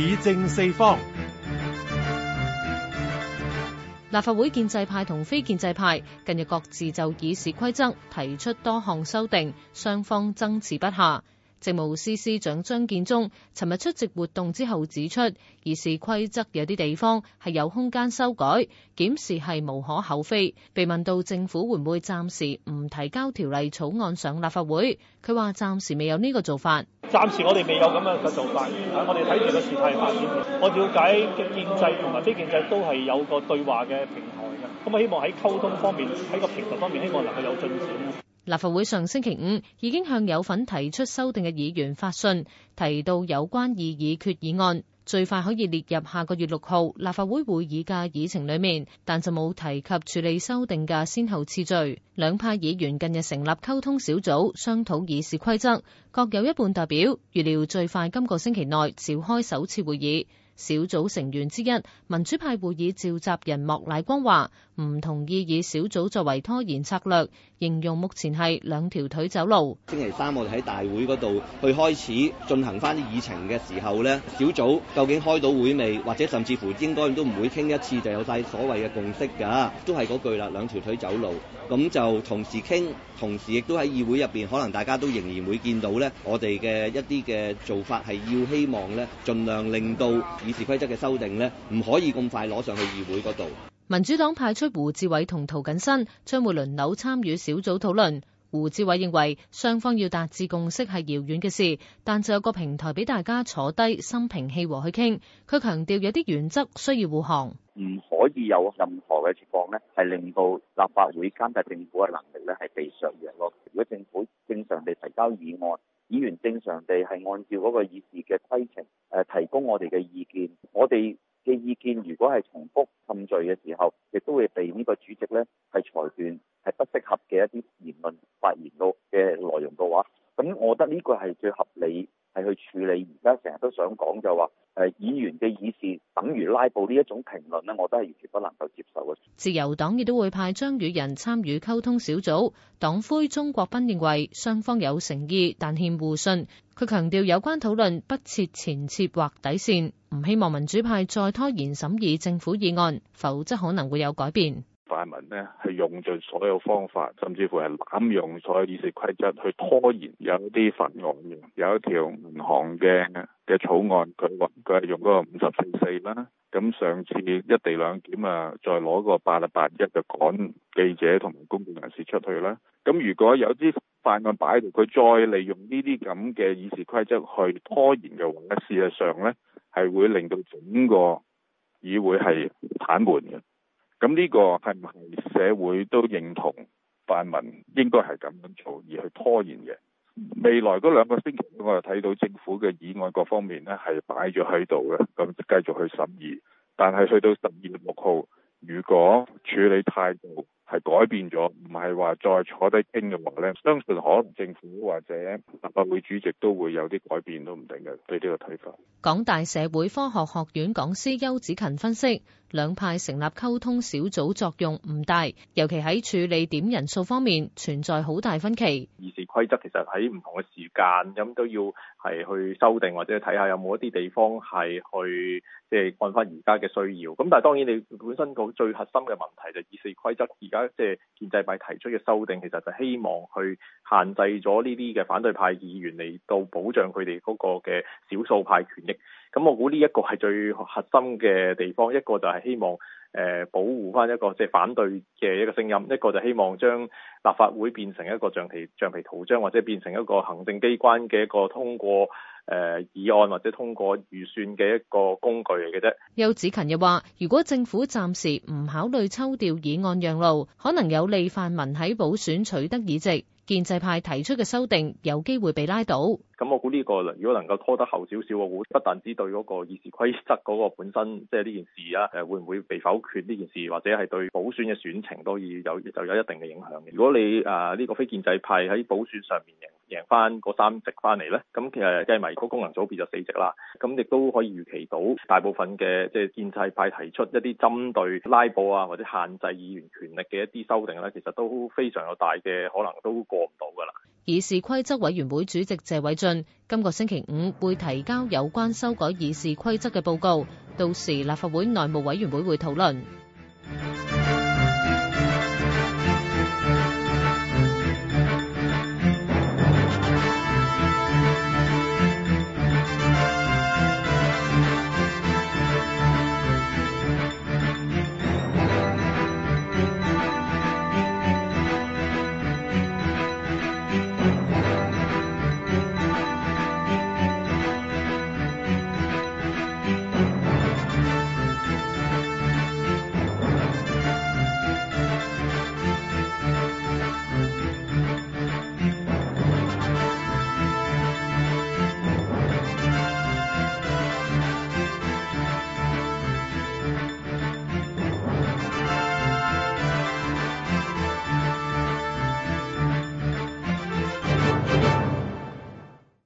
議政四方。立法會建制派同非建制派近日各自就議事規則提出多項修訂，雙方爭持不下。政務司司長張建宗尋日出席活動之後指出，議事規則有啲地方係有空間修改，檢視係無可厚非。被問到政府會唔會暫時唔提交條例草案上立法會，佢話暫時未有呢個做法。暫時我哋未有咁樣嘅做法，我哋睇住個事態發展。我了解嘅建制同埋非建制都係有個對話嘅平台嘅，咁啊希望喺溝通方面，喺個平台方面，希望能夠有進展。立法會上星期五已經向有份提出修訂嘅議員發信，提到有關擬議決議案最快可以列入下個月六號立法會會議嘅議程裡面，但就冇提及處理修訂嘅先後次序。兩派議員近日成立溝通小組商討議事規則，各有一半代表，預料最快今個星期內召開首次會議。小組成員之一民主派會議召集人莫乃光話：唔同意以小組作為拖延策略，形容目前係兩條腿走路。星期三我哋喺大會嗰度去開始進行翻啲議程嘅時候呢，小組究竟開到會未？或者甚至乎應該都唔會傾一次就有晒所謂嘅共識噶，都係嗰句啦，兩條腿走路。咁就同時傾，同時亦都喺議會入邊，可能大家都仍然會見到呢我哋嘅一啲嘅做法係要希望呢盡量令到議事規則嘅修訂呢，唔可以咁快攞上去議會嗰度。民主黨派出胡志偉同涂謹申將會輪流參與小組討論。胡志偉認為，雙方要達至共識係遙遠嘅事，但就有個平台俾大家坐低心平氣和去傾。佢強調有啲原則需要護航，唔可以有任何嘅情況咧，係令到立法會監察政府嘅能力咧係被削弱。如果政府正常地提交議案，議員正常地係按照嗰個議事嘅規程，誒、呃，提供我哋嘅意見，我哋嘅意見，如果係重複滲序嘅時候，亦都會被呢個主席呢係裁斷係不適合嘅一啲言論發言嘅嘅內容嘅話，咁我覺得呢個係最合理。去處理而家成日都想講就話，誒議員嘅議事等於拉布呢一種評論呢我都係完全不能夠接受嘅。自由黨亦都會派張宇人參與溝通小組。黨魁鍾國斌認為雙方有誠意，但欠互信。佢強調有關討論不設前設或底線，唔希望民主派再拖延審議政府議案，否則可能會有改變。大民呢係用盡所有方法，甚至乎係濫用所有議事規則去拖延，有一啲法案嘅，有一條銀行嘅嘅草案，佢話佢係用嗰個五十四四啦。咁上次一地兩檢啊，再攞個八啊八一就趕記者同埋公眾人士出去啦。咁如果有啲法案擺喺度，佢再利用呢啲咁嘅議事規則去拖延嘅話，事實上咧係會令到整個議會係癱瘓嘅。咁呢個係唔係社會都認同泛民應該係咁樣做而去拖延嘅？未來嗰兩個星期，我哋睇到政府嘅議案各方面呢係擺咗喺度嘅，咁繼續去審議。但係去到十二月六號，如果處理態度係改變咗，唔係話再坐低傾嘅話呢，相信可能政府或者立法會主席都會有啲改變都唔定嘅。對呢個睇法，港大社會科學學院講師邱子勤分析。兩派成立溝通小組作用唔大，尤其喺處理點人數方面存在好大分歧。議事規則其實喺唔同嘅時間，咁都要係去修訂或者睇下有冇一啲地方係去即係按翻而家嘅需要。咁但係當然你本身個最核心嘅問題就係議事規則，而家即係建制派提出嘅修訂，其實就希望去限制咗呢啲嘅反對派議員嚟到保障佢哋嗰個嘅少數派權益。咁我估呢一個係最核心嘅地方，一個就係、是。希望誒保護翻一個，即係反對嘅一個聲音，一個就希望將立法會變成一個橡皮橡皮圖章，或者變成一個行政機關嘅一個通過。誒、呃、議案或者通過預算嘅一個工具嚟嘅啫。邱子勤又話，如果政府暫時唔考慮抽調議案讓路，可能有利泛民喺補選取得議席，建制派提出嘅修訂有機會被拉倒。咁我估呢個如果能夠拖得後少少，會不但止對嗰個議事規則嗰個本身，即係呢件事啊，誒會唔會被否決呢件事，或者係對補選嘅選情都以有就有一定嘅影響嘅。如果你誒呢、呃個非建制派喺補選上面嘅。贏翻嗰三席翻嚟咧，咁其實計埋嗰功能組別就四席啦。咁亦都可以預期到，大部分嘅即係建制派提出一啲針對拉布啊或者限制議員權力嘅一啲修訂咧，其實都非常有大嘅可能都過唔到㗎啦。議事規則委員會主席謝偉俊今個星期五會提交有關修改議事規則嘅報告，到時立法會內務委員會會討論。